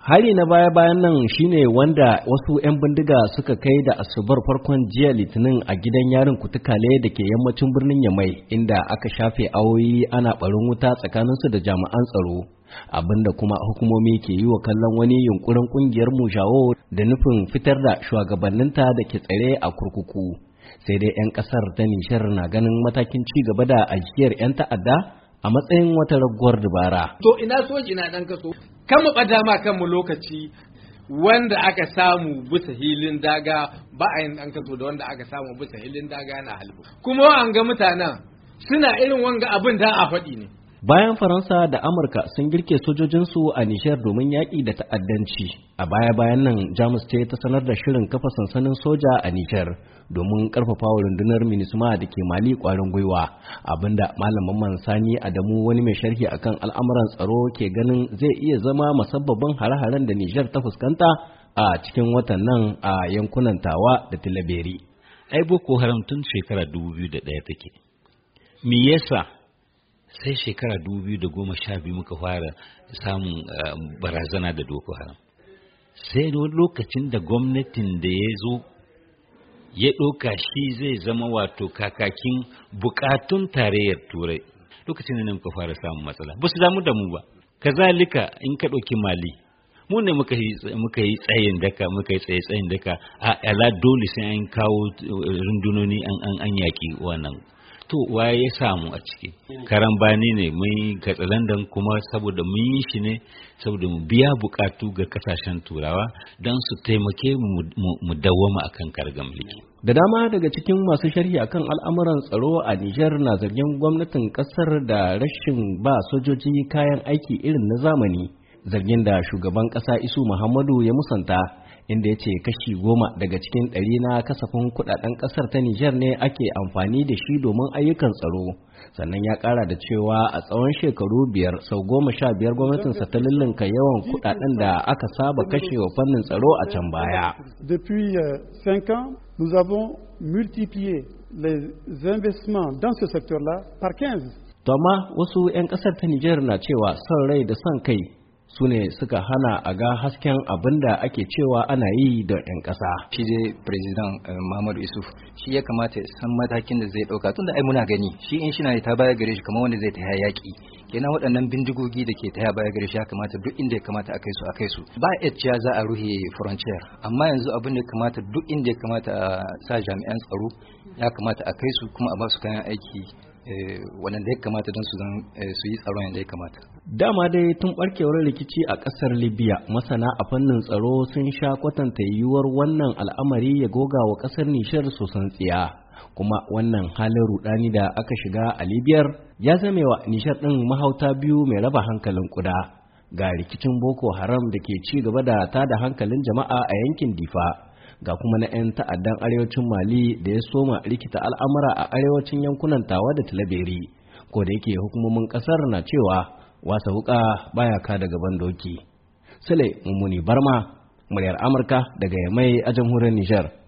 hari na baya-bayan nan shine wanda wasu 'yan bindiga suka kai da asubar farkon jiya litinin a gidan yarin kutukale da ke yammacin birnin yamai inda aka shafe awoyi ana barin wuta tsakaninsu da jami'an tsaro abinda kuma hukumomi ke yi wa kallon wani yunkurin kungiyar mujawo da nufin fitar da shugabanninta da ke tsare a kurkuku sai dai 'yan kasar ta nishar na ganin matakin ci gaba da ajiyar 'yan ta'adda a matsayin wata raguwar dubara. To ina soji na dan kaso. kan mu ɓada ma mu lokaci wanda aka samu bisa hilin daga ba a yin an kaso da wanda aka samu bisa hilin daga na halbu kuma an ga mutanen suna irin wanga abin da a faɗi ne bayan faransa da amurka sun girke sojojinsu a Nijar domin yaƙi da ta'addanci a baya-bayan nan jamus ce ta sanar da shirin kafa sansanin soja a Nijar, domin ƙarfafa wa rundunar minisma da ke mali ƙwarin gwiwa abinda malamin Sani adamu wani mai sharhi akan al'amuran tsaro ke ganin zai iya zama masabbabin hare-haren da Nijar ta fuskanta a cikin watan nan a yankunan tawa da tilaberi ai boko haram tun shekarar 2001 take me yasa sai shekara sha biyu muka fara samun eh, barazana da Boko Haram sai lokacin da gwamnatin da ya zo ya ɗoka shi zai zama wato kakakin bukatun tarayyar turai lokacin da muka fara samun matsala ba su damu da mu ba kazalika in ka ɗauki mali mu ne muka yi tsayin daka muka yi tsaye tsayin daka a ala dole sai an kawo eh, rundunoni an an yaƙi wannan to waye ya samu a ciki karan bani ne mun katsalandan kuma saboda mun yi shi ne saboda mu biya bukatu ga kasashen turawa don su taimake mu dawwama akan kargan mulki da dama daga cikin masu sharhi akan al'amuran tsaro a Nijar na zargin gwamnatin kasar da rashin ba sojoji kayan aiki irin na zamani zargin da shugaban kasa Isu Muhammadu ya musanta inda ya ce kashi goma daga cikin ɗari na kasafin kudaden ƙasar ta Nijar ne ake amfani da shi domin ayyukan tsaro sannan ya ƙara da cewa a tsawon shekaru biyar sau goma sha biyar gwamnatinsa ta lullunka yawan kudaden da aka saba kashe wa fannin tsaro a can baya. Depuis euh, ans, nous avons multiplié wasu 'yan ƙasar ta Nijar na cewa son rai da son kai su ne suka hana a ga hasken abin da ake cewa ana yi da 'yan ƙasa. Shi dai Firizidan eh, Muhammadu Isuf shi ya kamata san matakin da zai ɗauka tun da ai muna gani shi in shi na ta baya gare shi kamar wanda zai ta yaƙi kenan waɗannan bindigogi da ke ta baya gare shi ya kamata duk inda ya kamata a kai su a kai su ba ya za a ruhe frontier amma yanzu abin da ya kamata duk inda ya kamata a sa jami'an tsaro ya kamata a kai su kuma a ba su kayan aiki Eh, wannan da ya kamata don su zan eh, su yi tsaron yadda ya kamata dama dai tun barkewar rikici a ƙasar libya masana a fannin tsaro sun sha kwatanta yiwuwar wannan al'amari ya goga wa ƙasar nishar sosan tsiya kuma wannan halin rudani da aka shiga a libyar ya zame wa nishar din mahauta biyu mai raba hankalin kuda ga rikicin boko haram da ke ci gaba da tada hankalin jama'a a yankin difa ga kuma na 'yan ta'addan arewacin mali da ya soma rikita al'amura a arewacin yankunan tawa da talaberi ko da yake hukumomin kasar na cewa wasa wuka baya ka daga bandoki sule mummuni barma muryar amurka daga yamai a jamhuriyar nijar